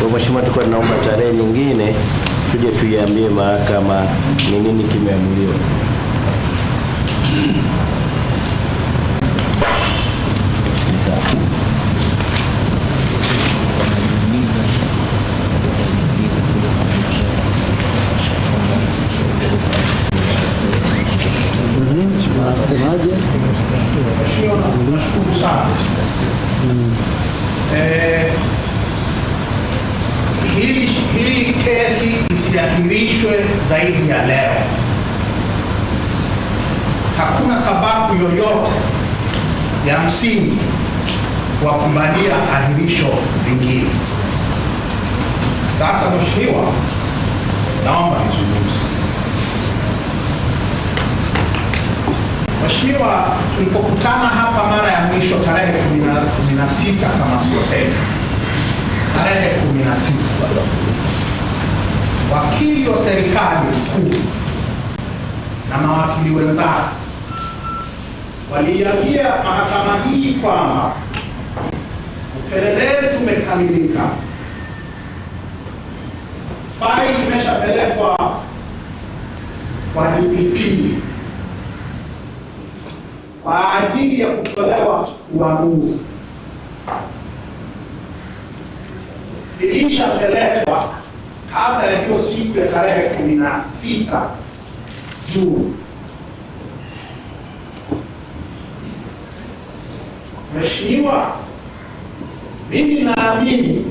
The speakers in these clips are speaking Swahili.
Kwa mheshimiwa, tulikuwa tunaomba tarehe nyingine tuje tuiambie mahakama ni nini kimeamuliwa. isiahirishwe zaidi ya leo. Hakuna sababu yoyote ya msingi wa kubalia ahirisho lingine. Sasa mheshimiwa, naomba nizungumze. Mheshimiwa, tulipokutana hapa mara ya mwisho tarehe 16 kama sikosei, tarehe 16 wakili wa serikali mkuu na mawakili wenzake waliambia mahakama hii kwamba upelelezi umekamilika, faili imeshapelekwa kwa DPP kwa ajili ya kutolewa uamuzi, ilishapelekwa kabla ya hiyo siku ya tarehe kumi na sita Juni. Mheshimiwa, mimi naamini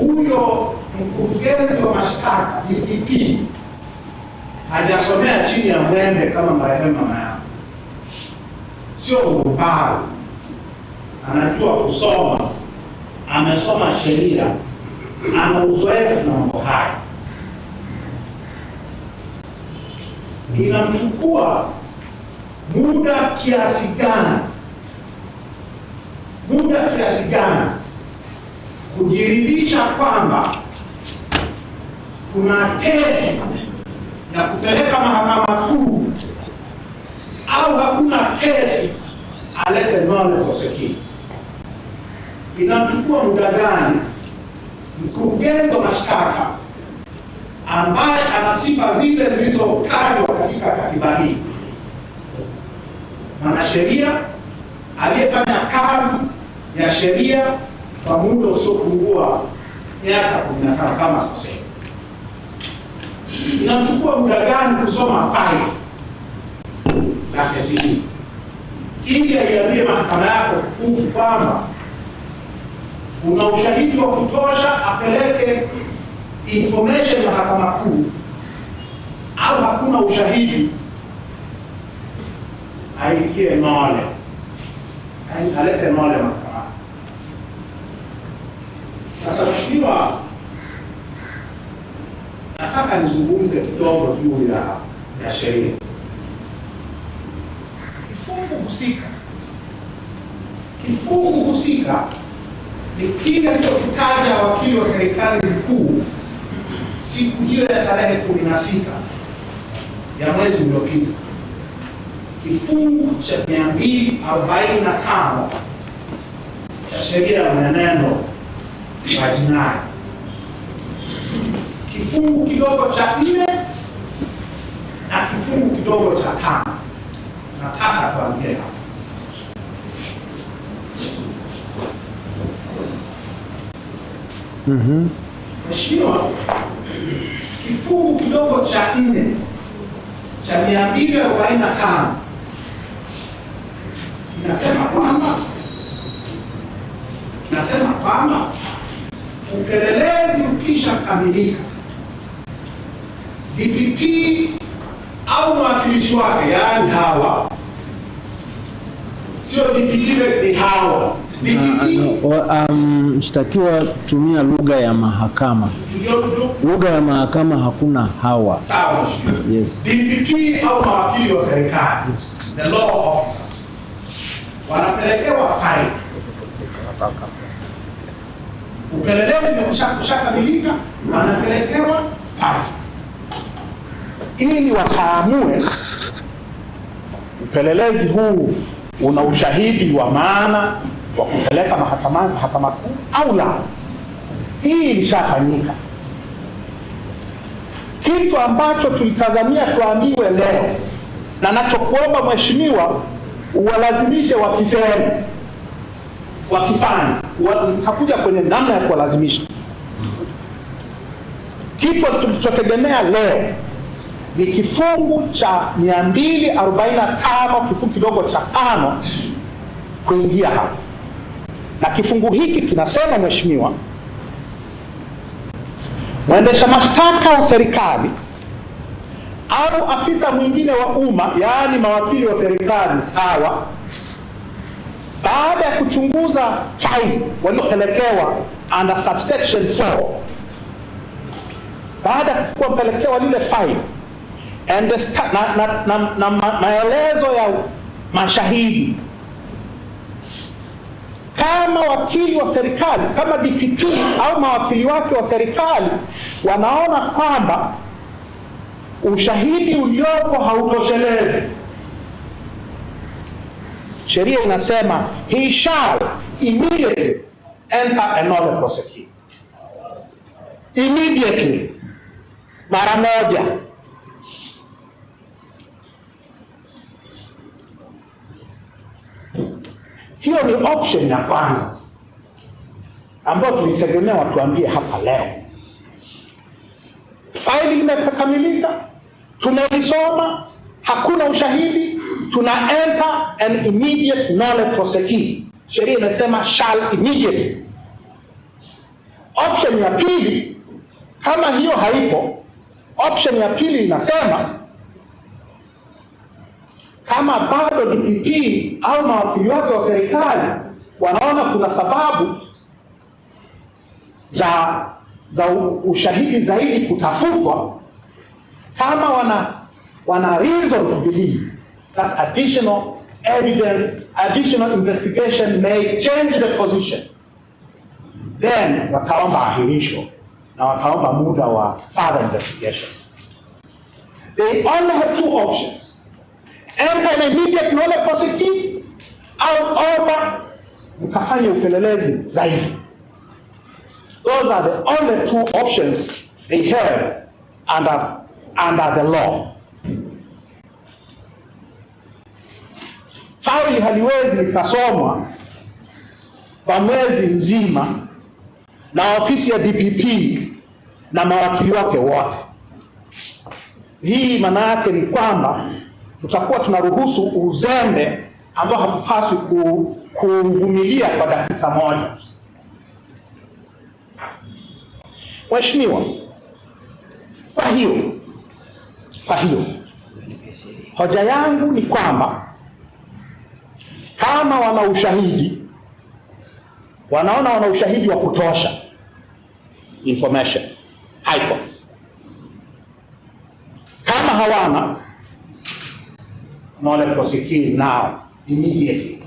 huyo mkurugenzi wa mashtaka DPP hajasomea chini ya mwembe kama marehemu mama yangu, sio ubao, anajua kusoma, amesoma sheria ana uzoefu na mambo haya, inamchukua muda kiasi gani, muda kiasi gani kujiridhisha kwamba kuna kesi ya kupeleka mahakama kuu au hakuna kesi alete non kosekii, Inamchukua muda gani mkurugenzi wa mashtaka ambaye ana sifa zile zilizotajwa katika katiba hii, mwanasheria aliyefanya kazi ya sheria kwa muda usiopungua miaka tano kama sikosei. Inachukua muda gani kusoma faili la kesi hii ili aiambie mahakama yako tukufu kwamba una ushahidi wa kutosha apeleke information mahakama kuu, au hakuna ushahidi aingie nole, alete nole mahakamani. Sasa mshikiliwa, nataka nizungumze kidogo juu ya ya sheria kifungu husika, kifungu husika ni kile alichokitaja wakili wa serikali mkuu siku hiyo ya tarehe 16 ya mwezi uliopita, kifungu cha 245 cha sheria ya mwenendo wa jinai kifungu kidogo cha nne na kifungu kidogo cha tano. Nataka kuanzia Mhm. Mheshimiwa, mm -hmm. kifungu kidogo cha nne cha mia mbili arobaini na tano inasema kwamba inasema kwamba upelelezi ukisha kamilika, DPP au mwakilishi wake, yaani hawa sio DPP, ni hawa Ah, ah, um, mshtakiwa um, kutumia lugha ya mahakama. Lugha ya mahakama hakuna hawa. Yes. DPP au mawakili wa serikali, the law officer, wanapelekewa faili. Upelelezi wanapelekewa faili ili wakaamue upelelezi huu una ushahidi wa maana wa kupeleka mahakamani, mahakama kuu au la. Hii ilishafanyika. Kitu ambacho tulitazamia tuambiwe leo, na nachokuomba mheshimiwa, uwalazimishe wakisema, wakifanya, utakuja kwenye namna ya kuwalazimisha. Kitu tulichotegemea leo ni kifungu cha 245 kifungu kidogo cha tano kuingia hapa na kifungu hiki kinasema, mheshimiwa, mwendesha mashtaka wa serikali au afisa mwingine wa umma, yaani mawakili wa serikali hawa, baada ya kuchunguza faili waliopelekewa under subsection 4, baada ya kuwa mpelekewa lile faili na, na, na, na, na maelezo ya mashahidi kama wakili wa serikali kama DPP au mawakili wake wa serikali wanaona kwamba ushahidi uliopo hautoshelezi, sheria inasema he shall immediately enter another prosecution, immediately, mara moja Hiyo ni option ya kwanza ambayo tulitegemea watuambie hapa leo. Faili limekamilika, tumelisoma, hakuna ushahidi, tuna enter an immediate nolle prosequi. Sheria inasema shall immediate. Option ya pili, kama hiyo haipo, option ya pili inasema kama bado DPP au mawakili wake wa serikali wanaona kuna sababu za za ushahidi zaidi kutafutwa, kama wana wana reason to believe that additional evidence, additional investigation may change the position, then wakaomba ahirisho na wakaomba muda wa further investigations. They only have two options enda na immediate tunaona positive au omba mkafanya upelelezi zaidi. Those are the only two options they have under, under the law. Faili haliwezi likasomwa kwa mwezi mzima na ofisi ya DPP na mawakili wake wote. Hii maana yake ni kwamba tutakuwa tunaruhusu uzembe ambao hatupaswi kuuvumilia kwa dakika moja. Waheshimiwa, kwa hiyo kwa hiyo hoja yangu ni kwamba kama wana ushahidi wanaona wana ushahidi wa kutosha information haipo, kama hawana in order to prosecute now immediately.